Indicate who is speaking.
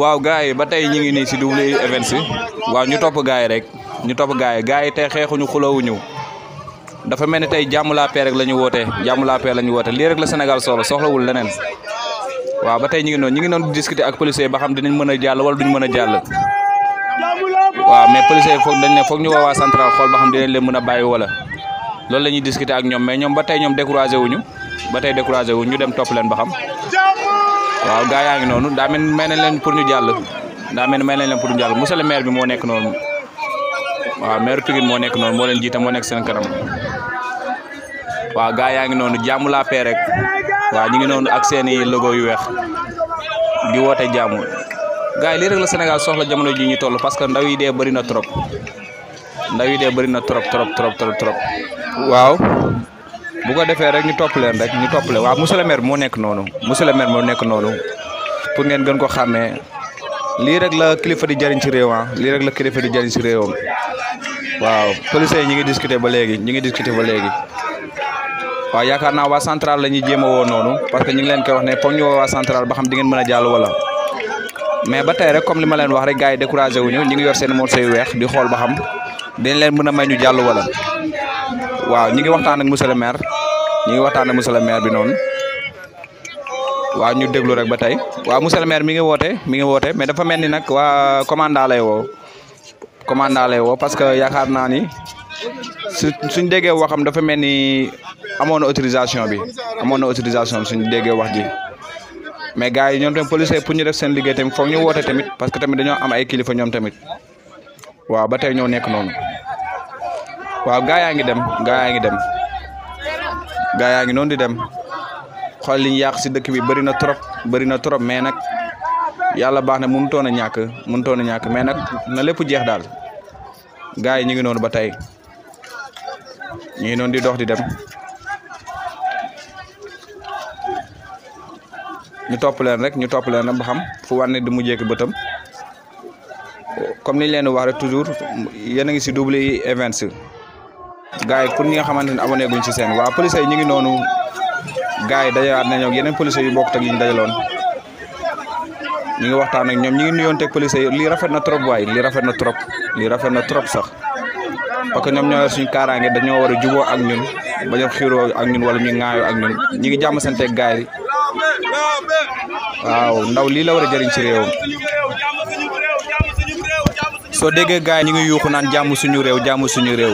Speaker 1: waaw gars yi ba tey ñu ngi nii si double events yi waaw ñu topp gars yi rek ñu topp gars yi gars yi tey xeexuñu ñëw dafa mel ni tey jàmm laa paix rek la ñu woote jàmm laa la ñu woote lii rek la Sénégal soxla soxlawul leneen waaw ba tey ñu ngi noonu ñu ngi noonu di discuter ak policier ba xam dinañ mën a jàll wala duñ mën a jàll waaw mais policier yi foog ne foog ñu woowaa central xool ba xam dinañ leen mën a bàyyi wala loolu la ñuy discuter ak ñoom mais ñoom ba tey ñoom découragé wuñu ba tey découragé wuñu ñu dem topp leen ba xam waaw gaa yaa ngi noonu daa mel may leen pour ñu jàll daa mel may nañ leen pour ñu jàll monsieur le maire bi moo nekk noonu waaw maire Pikine moo nekk noonu moo leen jiite moo nekk seen kanam waaw gaa yaa ngi noonu jàmm laa pee rek waaw ñu ngi noonu ak seen i logo yu weex di woote jàmm gaa yi lii la Sénégal soxla jamono ji ñu toll parce que ndaw yi dee bëri trop ndaw yi dee bëri na trop trop trop trop trop waaw. bu ko defee rek ñu topp leen rek ñu topp leen waaw monsieur le maire moo nekk noonu monsieur le maire moo nekk noonu pour ngeen gën ko xàmmee lii rek la kilifa di jëriñ ci réewam lii rek la kilifa di jëriñ ci réewam waaw policiers yi ñu ngi discuter ba léegi ñu ngi discuter ba léegi waaw yaakaar naa waa centrale la ñuy jéem a woo noonu parce que ñu ngi leen koy wax ne comme ñu woo waa centrale ba xam di mën a jàll wala mais ba tey rek comme li ma leen wax rek gars yi découragé wuñu ñu ngi yor seen morso yu weex xool ba xam dañ leen mën a may ñu wala waaw ñu ngi waxtaan ak monsieur le maire ñu ngi waxtaan ak monsieur le maire bi noonu waaw ñu déglu rek ba tey waaw monsieur le maire mi ngi woote mi ngi woote mais dafa mel ni nag waa commanda lay woo commanda lay woo parce que yaakaar naa ni su suñ déggee waxam dafa mel ni amoon na autorisation bi amoon na autorisation suñ déggee wax ji mais gars yi ñoom tamit policier pour ñu def seen liggéey tamit foog ñu woote tamit parce que tamit dañoo am ay kilifa ñoom tamit waaw ba tey ñoo nekk noonu waaw gaa yaa ngi dem gaa yaa ngi dem. gaa yaa ngi noonu di dem xool liñ yàq si dëkk bi bëri na trop bëri na trop mais nag yàlla baax na mënutoon a ñàkk mënutoon a ñàkk mais nag na lépp jeex daal gaa yi ñu ngi noonu ba tey ñu ngi noonu di dox di dem ñu topp leen rek ñu topp leen rek ba xam fu war ne du mu jékki bëtam comme niñ leen wax rek toujours yéen a ngi si double events gars yi pour ñi nga xamante ne abonné guñ ci seen waa police yi ñu ngi noonu gars yi dajalaat nañu ak yeneen police yu bokkut ak yi ñu dajaloon ñu ngi waxtaan ak ñoom ñu ngi nuyoon teg police lii rafet na trop waay lii rafet na trop lii rafet na trop sax parce que ñoom ñoo yor suñu kaaraange dañoo war a juboo ak ñun bañ a xiiroo ak ñun wala ñu ŋaayoo ak ñun ñu ngi jàmm sante ak gars waaw ndaw lii la war a jëriñ ci réewam. soo déggee gars ñu ngi yuux naan jàmm suñu réew jàmm suñu réew